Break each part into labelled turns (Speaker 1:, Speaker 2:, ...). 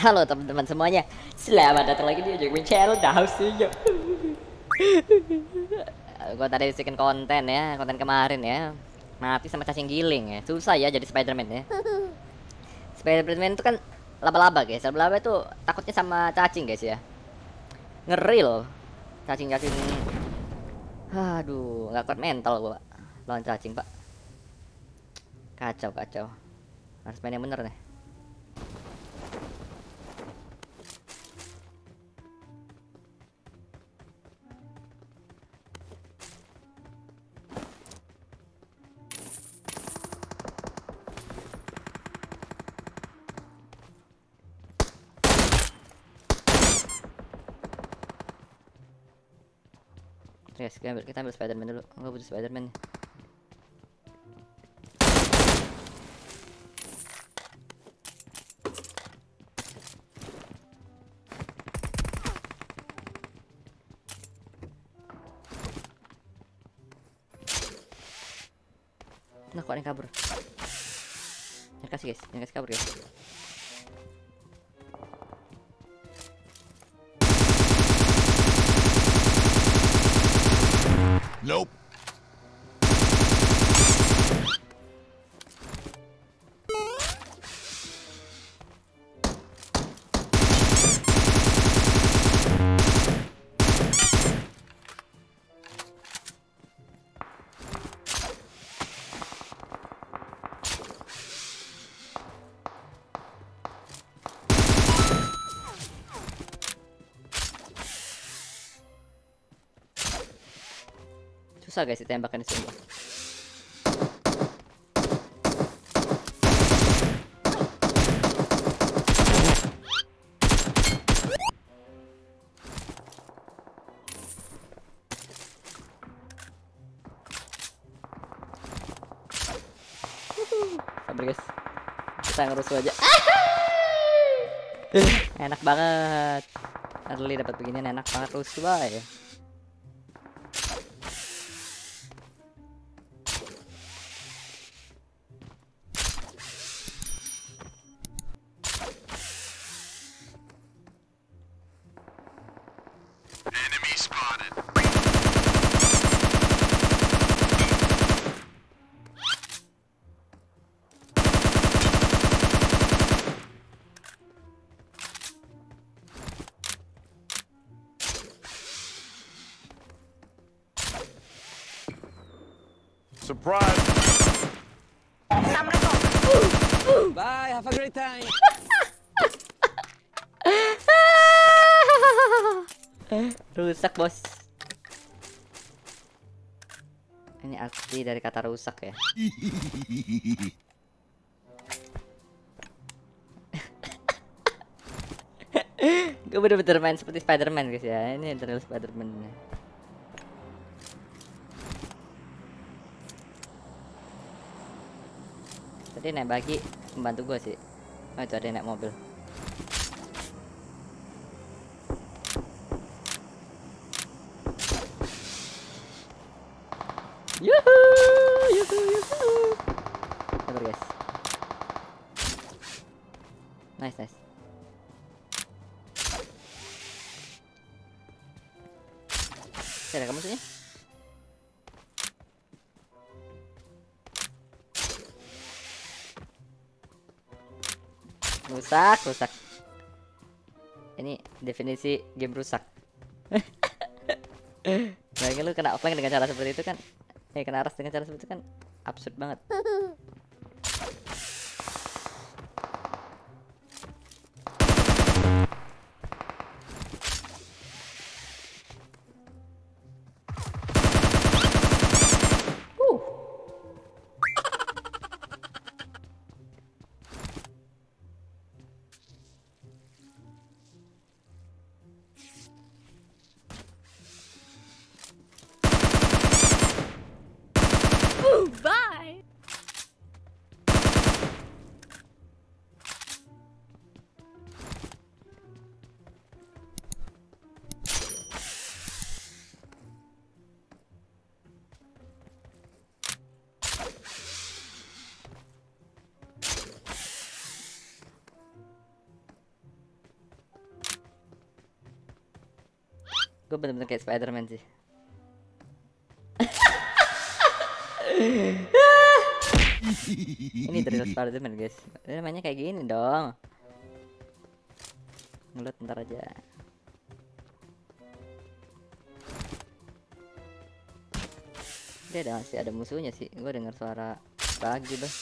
Speaker 1: Halo teman-teman semuanya Selamat datang lagi di Ojek Channel Dausinya Gue tadi bikin konten ya Konten kemarin ya Mati sama cacing giling ya Susah ya jadi Spiderman ya Spiderman itu kan laba-laba guys Laba-laba itu takutnya sama cacing guys ya Ngeri loh Cacing-cacing Aduh gak kuat mental gue Lawan cacing pak Kacau kacau Harus main yang bener nih Yes, ya, kita ambil, kita ambil Spiderman dulu. Enggak butuh Spiderman nih.
Speaker 2: Nah, kok ada kabur? Yang kasih guys, yang kasih kabur guys.
Speaker 1: susah guys ditembakan semua sabar guys kita ngerusuh aja enak banget early dapat begini enak banget rusuh ya Surprise.
Speaker 2: Bye, have a great time.
Speaker 1: rusak bos. Ini arti dari kata rusak ya. Gue bener-bener main seperti Spiderman guys ya. Ini adalah Spiderman. tadi naik bagi membantu gue sih oh itu ada naik mobil
Speaker 2: yuhu yuhu yuhu
Speaker 1: sabar guys nice nice Saya kamu sih? rusak rusak ini definisi game rusak bayangin lu kena offline dengan cara seperti itu kan eh kena aras dengan cara seperti itu kan absurd banget gue bener-bener kayak Spiderman sih ini dari Spiderman guys ini namanya kayak gini dong ngelut ntar aja dia ada masih ada musuhnya sih gue dengar suara pagi bah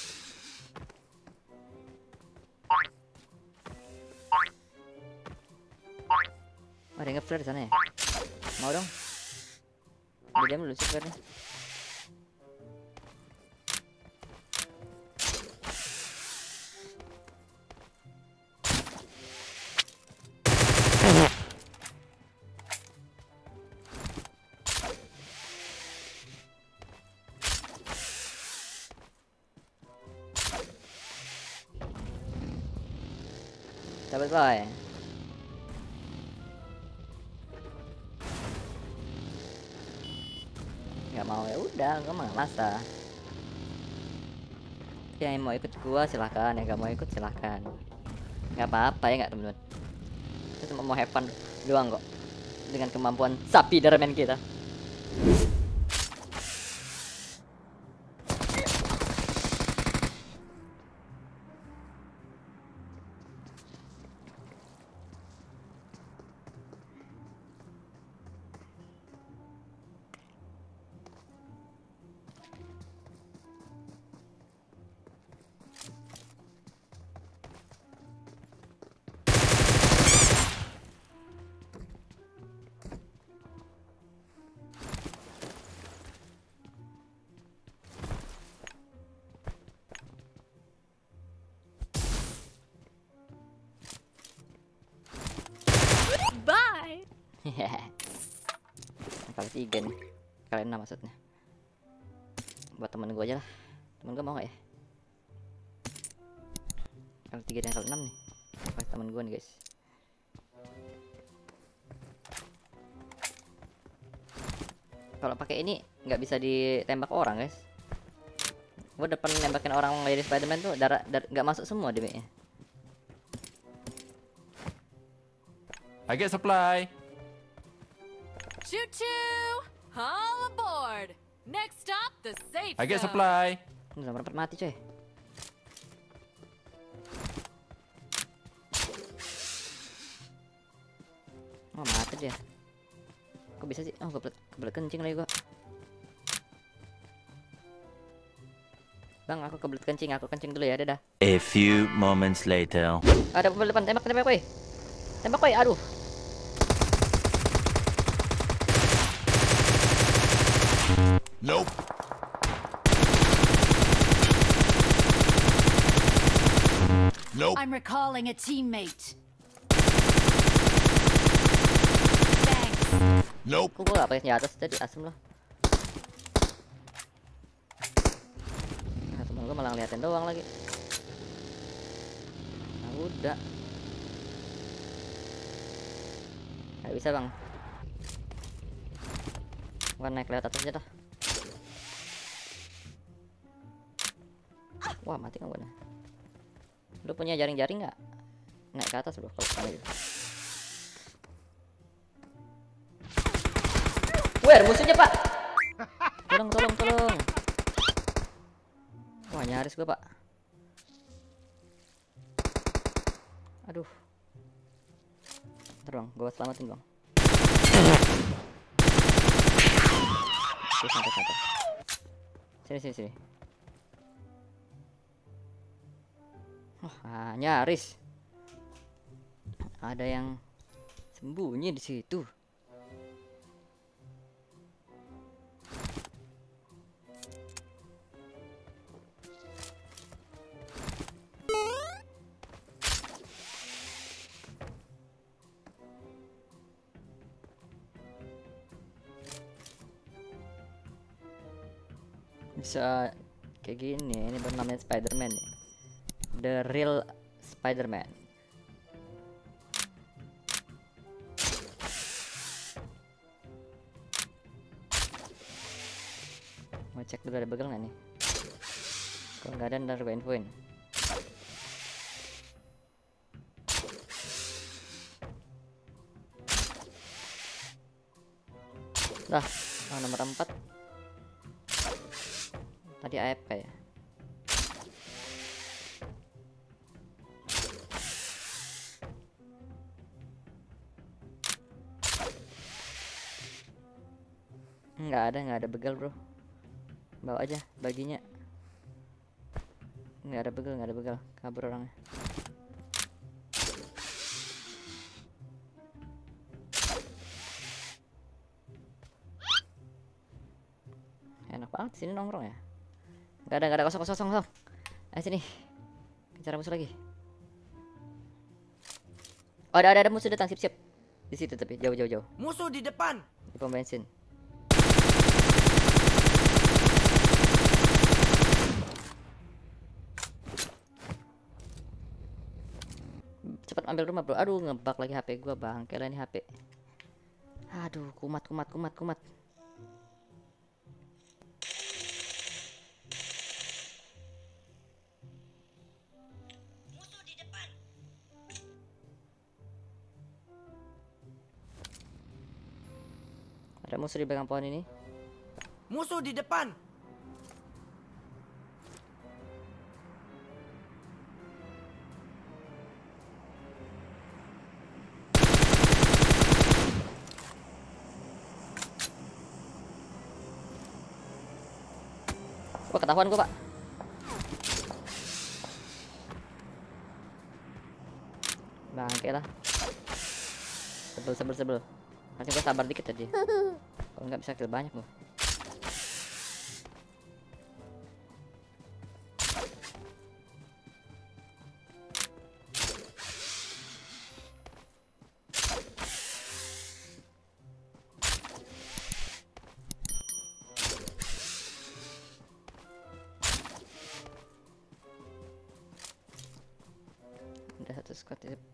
Speaker 1: Oh, ada yang ngeflare sana ya? Mau dong. Beda dulu sebenarnya. Tá rồi. udah gue mah masa yang mau ikut gua silahkan yang gak mau ikut silahkan nggak apa-apa ya nggak temen-temen cuma mau have fun doang kok dengan kemampuan sapi darman kita kali tiga nih kalian enam maksudnya buat temen gue aja lah temen gue mau gak ya kali tiga dan kali enam nih buat temen gue nih guys kalau pakai ini nggak bisa ditembak orang guys gue depan nembakin orang jadi Spiderman tuh darah dar nggak masuk semua damage I get supply
Speaker 2: Choo-choo! All aboard! Next stop, the safe I get supply.
Speaker 1: Nggak pernah mati, cuy. Oh, mati dia. Kok bisa sih? Oh, kebelet, kebelet kencing lagi gua. Bang, aku kebelet kencing, aku kencing dulu ya, dadah.
Speaker 2: A few moments later.
Speaker 1: Ada pembeli depan, tembak, tembak, woy. Tembak, woy, Aduh.
Speaker 2: Nope. Nope. I'm recalling a teammate. Thanks.
Speaker 1: Nope. Gue gak pakai tadi asem loh. temen gue malah ngeliatin doang lagi. Nah, udah. Gak bisa bang. Gue naik lewat atas aja dah. wah mati kamu nih lu punya jaring-jaring nggak naik ke atas bro kalau kamu gitu Where musuhnya pak tolong tolong tolong wah nyaris gue pak aduh terbang gue selamatin bang Oke, santai santai sini sini sini Wah, oh, nyaris. Ada yang sembunyi di situ. bisa kayak gini ini bernama Spiderman Ya. The Real Spider-Man. Mau cek dulu ada bagel nggak nih? Kalau nggak ada ntar gue infoin. Dah, oh, nomor 4 Tadi AFK ya nggak ada nggak ada begal bro bawa aja baginya nggak ada begal nggak ada begal kabur orangnya enak banget sini nongkrong ya nggak ada nggak ada kosong kosong kosong ayo eh, sini cara musuh lagi oh ada ada, ada musuh datang siap siap di situ tapi jauh jauh jauh musuh di depan di pom bensin ambil rumah bro aduh ngebak lagi HP gua bang kira ini HP aduh kumat kumat kumat kumat Ada musuh di belakang pohon ini. Musuh di depan. ketahuan gue pak. Bangke nah, lah. Sebel sebel sebel. Masih gue sabar dikit aja. Kalau nggak bisa kill banyak gue.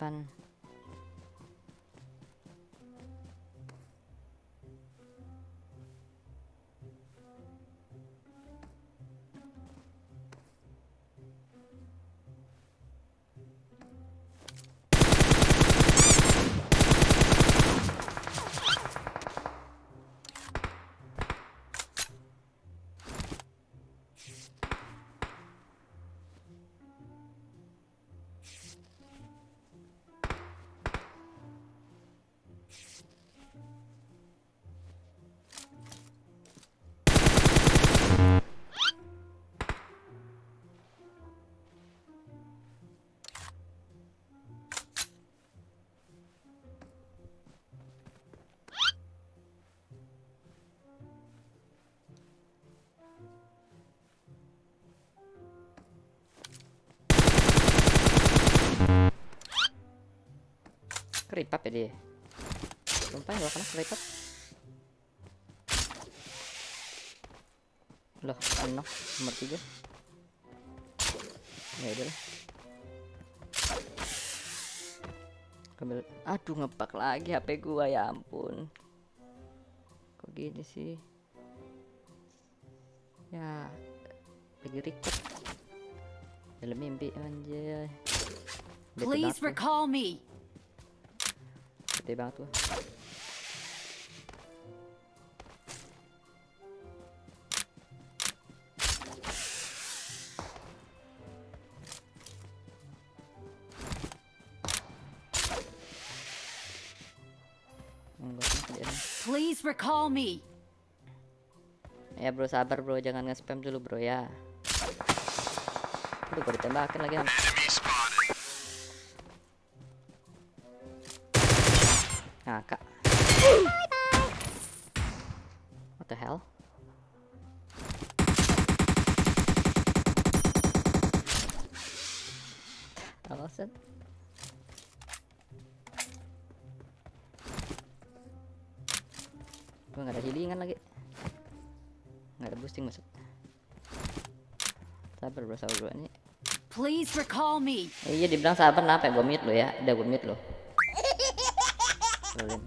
Speaker 1: kesehatan lipat ya dia sumpah gak kena lipat loh enak nomor 3 ya udah lah Kambil. aduh ngepak lagi HP gua ya ampun kok gini sih ya lagi record dalam mimpi anjay Please recall me. Débarre-toi. Hmm,
Speaker 2: Please recall me.
Speaker 1: Ya bro sabar bro jangan nge-spam dulu bro ya. Aduh gue ditembakin lagi. Ngakak. What the hell? I Gua it. Gue gak ada healingan lagi Gak ada boosting maksud Sabar bro, sabar bro ini
Speaker 2: Please recall me.
Speaker 1: iya dibilang sabar kenapa ya? Gue mute lo ya. Udah gue mute lo ngeselin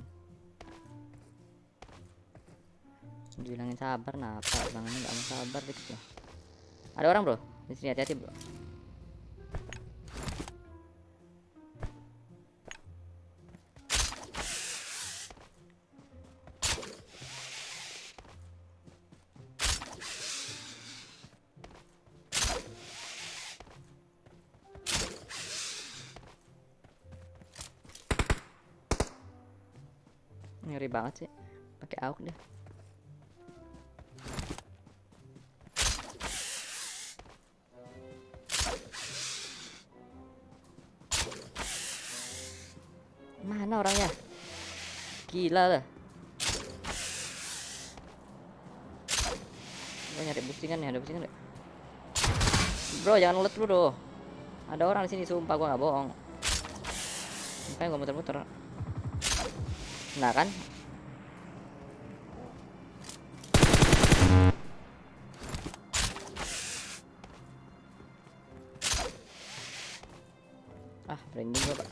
Speaker 1: bilangin sabar nah apa bang ini nggak mau sabar dikit ya ada orang bro di sini hati-hati bro ngeri banget sih pakai auk deh mana orangnya gila lah gue nyari pusingan nih ada pusingan deh bro jangan ngelet lu dong ada orang di sini sumpah gue nggak bohong makanya gua muter-muter Nah kan? Ah, branding gua, Pak.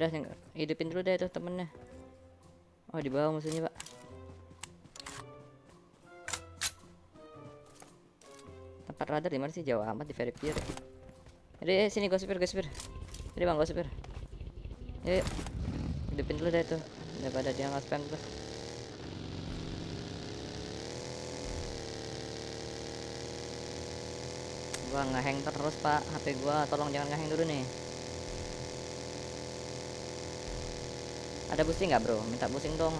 Speaker 1: sih, hidupin dulu deh tuh temennya. Oh, di bawah musuhnya, Pak. radar di mana sih jauh amat di very ya. Jadi eh, sini gue supir, gue Jadi bang gue supir. Yuk, hidupin dulu deh itu daripada dia nggak spam terus. Gua ngehang terus pak, HP gua tolong jangan ngehang dulu nih. Ada busi nggak bro? Minta busing dong.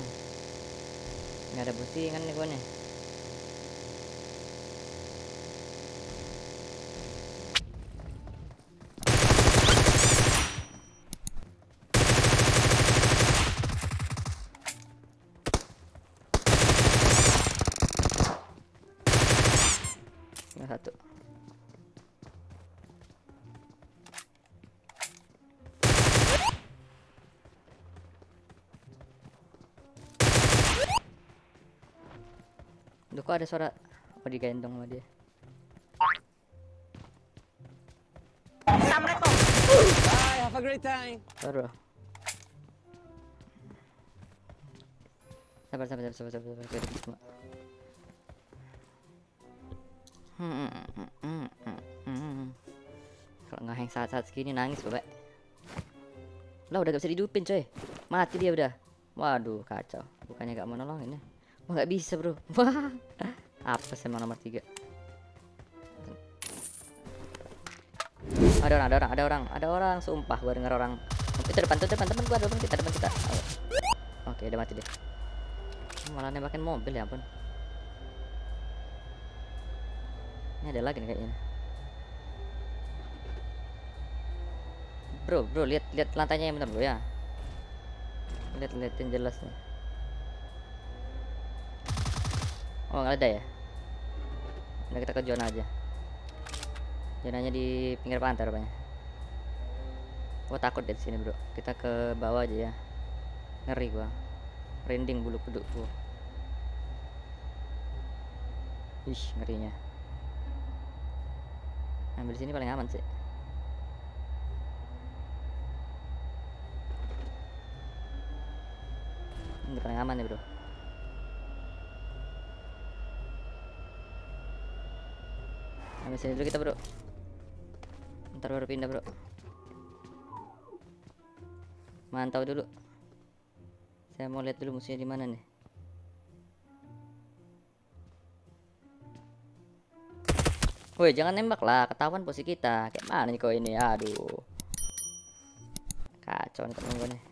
Speaker 1: Nggak ada busi kan nih gua nih. Kok ada suara Oh digendong sama dia
Speaker 2: Samreto Bye
Speaker 1: have a great time Baru Sabar sabar sabar sabar sabar sabar sabar sabar sabar saat-saat segini nangis bapak Lah udah gak bisa didupin coy Mati dia udah Waduh kacau Bukannya gak mau nolongin ya Wah nggak bisa bro. Apa sih nomor tiga? Ada orang, ada orang, ada orang, ada orang. Sumpah gue denger orang. Itu depan, itu depan teman gue, depan kita, depan kita. Oke, Oke, udah mati deh. Malah nembakin mobil ya ampun. Ini ada lagi nih kayaknya. Bro, bro, lihat lihat lantainya yang bener bro ya. Lihat lihatin jelas nih. Oh nggak ada ya. Nah kita ke zona aja. Zonanya di pinggir pantai rupanya. Gua takut deh di sini bro. Kita ke bawah aja ya. Ngeri gua. Rending bulu kuduk gua. Ih ngerinya. Ambil sini paling aman sih. Ini paling aman ya bro. ambil sini dulu kita bro ntar baru pindah bro mantau dulu saya mau lihat dulu musuhnya di mana nih Woi jangan nembak lah ketahuan posisi kita kayak mana nih kau ini aduh kacau nih temen gue nih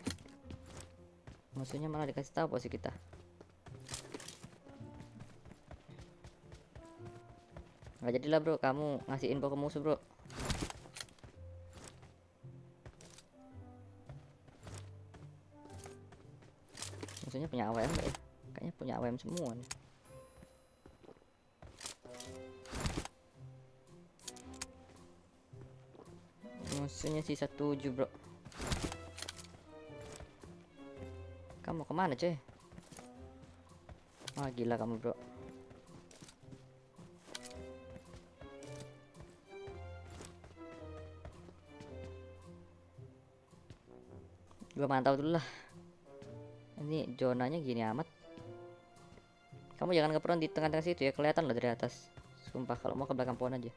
Speaker 1: musuhnya malah dikasih tahu posisi kita gak jadilah bro kamu ngasih info ke musuh bro musuhnya punya AWM ya kayaknya punya AWM semua nih musuhnya sisa 7 bro kamu kemana cuy wah gila kamu bro gue mantau dulu lah ini zonanya gini amat kamu jangan ke di tengah-tengah situ ya kelihatan loh dari atas sumpah kalau mau ke belakang pohon aja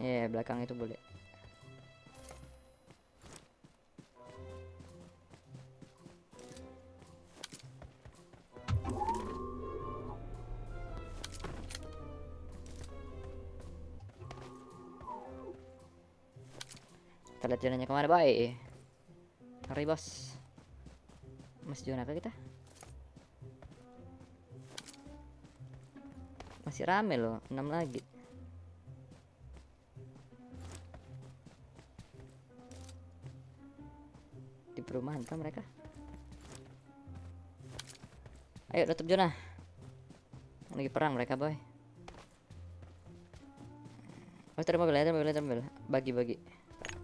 Speaker 1: ya yeah, belakang itu boleh Kita lihat jalannya kemana, bye. Hari bos. Mas apa kita? Masih rame loh, enam lagi. Di perumahan kan mereka? Ayo tutup zona. Lagi perang mereka, boy. Oh, terima mobil, ada mobil, ada mobil. Bagi-bagi.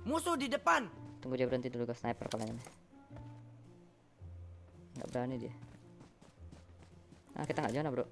Speaker 1: Musuh di depan. Tunggu dia berhenti dulu ke sniper kalian. Nggak berani dia. Nah, kita nggak jalan, Bro.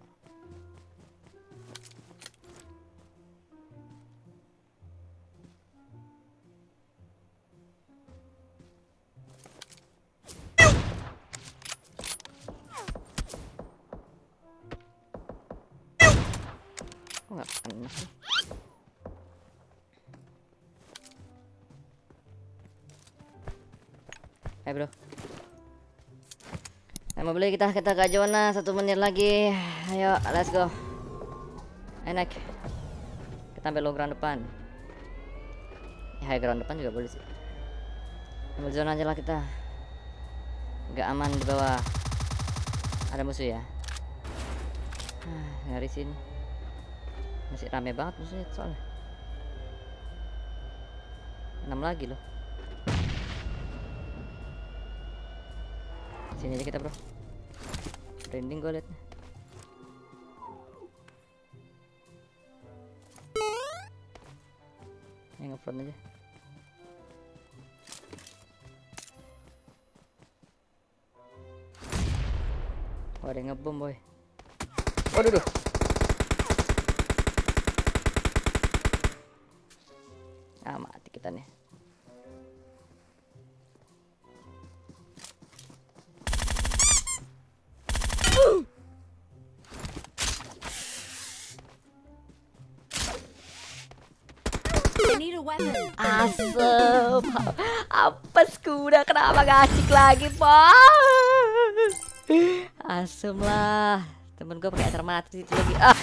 Speaker 1: boleh kita kita ke zona satu menit lagi. Ayo, let's go. Enak. Kita ambil low ground depan. Ya, high ground depan juga boleh sih. Ambil zona aja lah kita. Gak aman di bawah. Ada musuh ya. Ah, Ngeri sini. Masih rame banget musuhnya soalnya. 6 lagi loh. sini aja kita bro Trending gue liat Ini ngefront aja Oh, ada yang ngebom, boy. Waduh, duh. Ah, mati kita nih. Asem. apa kuda kenapa gak asik lagi, Pak? Asem lah. Temen gue pakai air mati lagi. Ah.